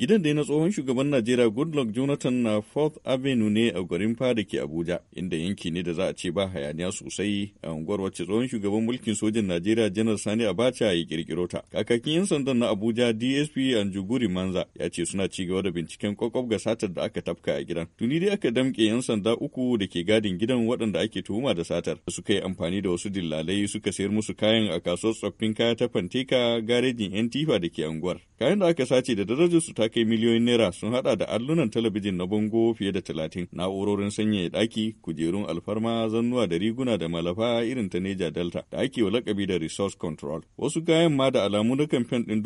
Gidan dai na tsohon shugaban Najeriya Goodluck Jonathan na Fourth Avenue ne a garin fada ke Abuja, inda yanki ne da za a ce ba hayaniya sosai a unguwar wacce tsohon shugaban mulkin sojin Najeriya Janar Sani Abacha ya kirkiro ta. Kakakin 'yan sandan na Abuja DSP Anjuguri Manza ya ce suna ci gaba da binciken kwakwaf ga satar da aka tafka a gidan. Tuni dai aka damke 'yan sanda uku da ke gadin gidan waɗanda ake tuhuma da satar. da Suka yi amfani da wasu dillalai suka sayar musu kayan a kasuwar tsoffin kaya ta Fanteka garejin 'yan tifa da ke unguwar. Kayan da aka sace da darajarsu ta kai miliyoyin naira sun hada da allunan talabijin na bango fiye da talatin na'urorin sanyaya daki kujerun alfarma zannuwa da riguna da malafa irin ta neja delta da ake wa lakabi da resource control wasu kayan ma da alamu na kamfen din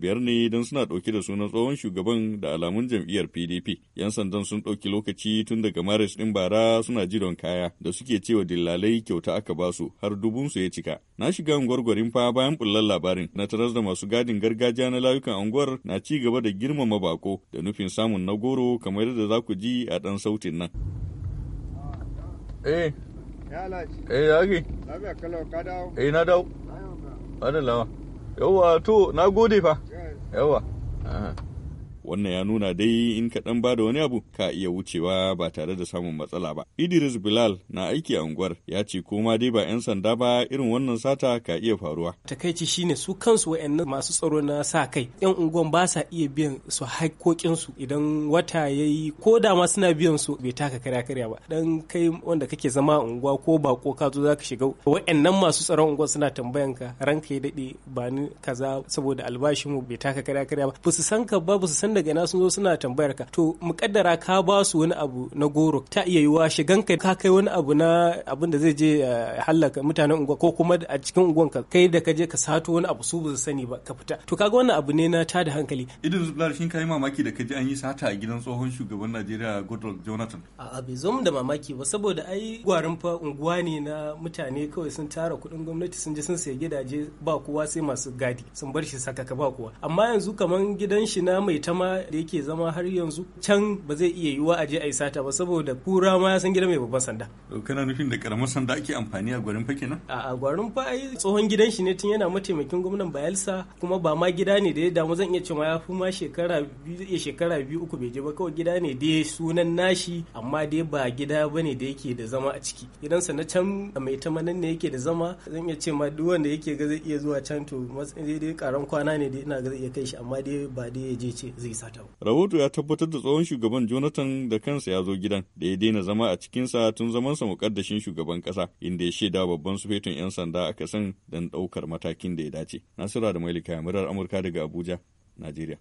biyar ne don suna dauke da sunan tsohon shugaban da alamun jam'iyyar pdp yan sandan sun dauki lokaci tun daga maris din bara suna jiran kaya da suke cewa dillalai kyauta aka basu har dubun su ya cika na shiga unguwar fa bayan bullar labarin na taras da masu gadin gargajiya na layukan unguwar na ci gaba da da girmama bako da nufin samun na goro kamar yadda za ku ji a ɗan sautin nan. Eh, eh ya ke? Eh na dawo. lawa. Yawwa to na gode fa. Yawwa. wannan ya nuna dai in ka dan bada wani abu ka iya wucewa ba tare da samun matsala ba idris bilal na aiki a unguwar ya ce ko ma dai ba 'yan sanda ba irin wannan sata ka iya faruwa takaici shine su kansu wa'annan masu tsaro na sa kai 'yan unguwan ba sa iya biyan su haƙoƙinsu idan wata ya ko da ma suna biyan su bai taka karya karya ba dan kai wanda kake zama a unguwa ko bako ka zo zaka shiga wa'annan masu tsaron unguwa suna tambayan ka ranka ya daɗe ba ni kaza saboda albashin mu bai taka karya karya ba ba su san ka ba ba su san daga ina sun zo suna tambayar ka to mukaddara ka ba su wani abu na goro ta iya yiwa shigan ka ka kai wani abu na abin da zai je eh, halaka mutanen unguwa ko kuma a cikin unguwan ka kai da ka je ka sato wani abu su ba sani ba ka fita to kaga wannan abu ne na ta da hankali Idris Blar shin kai mamaki da ka ji an yi sata a gidan tsohon shugaban Najeriya Goodluck Jonathan a'a bai zo da mamaki ba saboda ai gwarin fa unguwa ne na mutane kawai sun tara kuɗin gwamnati sun je sun sayi gidaje ba kowa sai masu gadi sun bar shi sakaka ba kowa amma yanzu kaman gidan shi na mai tama ma da yake zama har yanzu can ba zai iya yiwa a je a yi sata ba saboda kura ma ya san gida mai babban sanda kana nufin da karamar sanda ake amfani a gwarin fake nan. a gwarin fa ai tsohon gidan shi ne tun yana mataimakin gwamnan Bayelsa kuma ba ma gida ne da ya damu zan iya cewa ya fi ma shekara biyu shekara biyu uku bai je ba kawai gida ne dai sunan nashi amma dai ba gida ba ne da yake da zama a ciki gidansa na can mai manan ne yake da zama zan iya ce ma duk wanda yake ga zai iya zuwa can to matsayin dai karan kwana ne dai ina ga zai iya kai shi amma dai ba dai ya je ce zai sata Rahoto ya tabbatar da tsohon shugaban Jonathan da kansa ya zo gidan da ya daina zama a cikinsa tun zamansa mukaddashin shugaban kasa inda ya shaida babban sufetun 'yan sanda aka san don ɗaukar matakin da ya dace. Nasira da Mailika murar Amurka daga Abuja, Najeriya.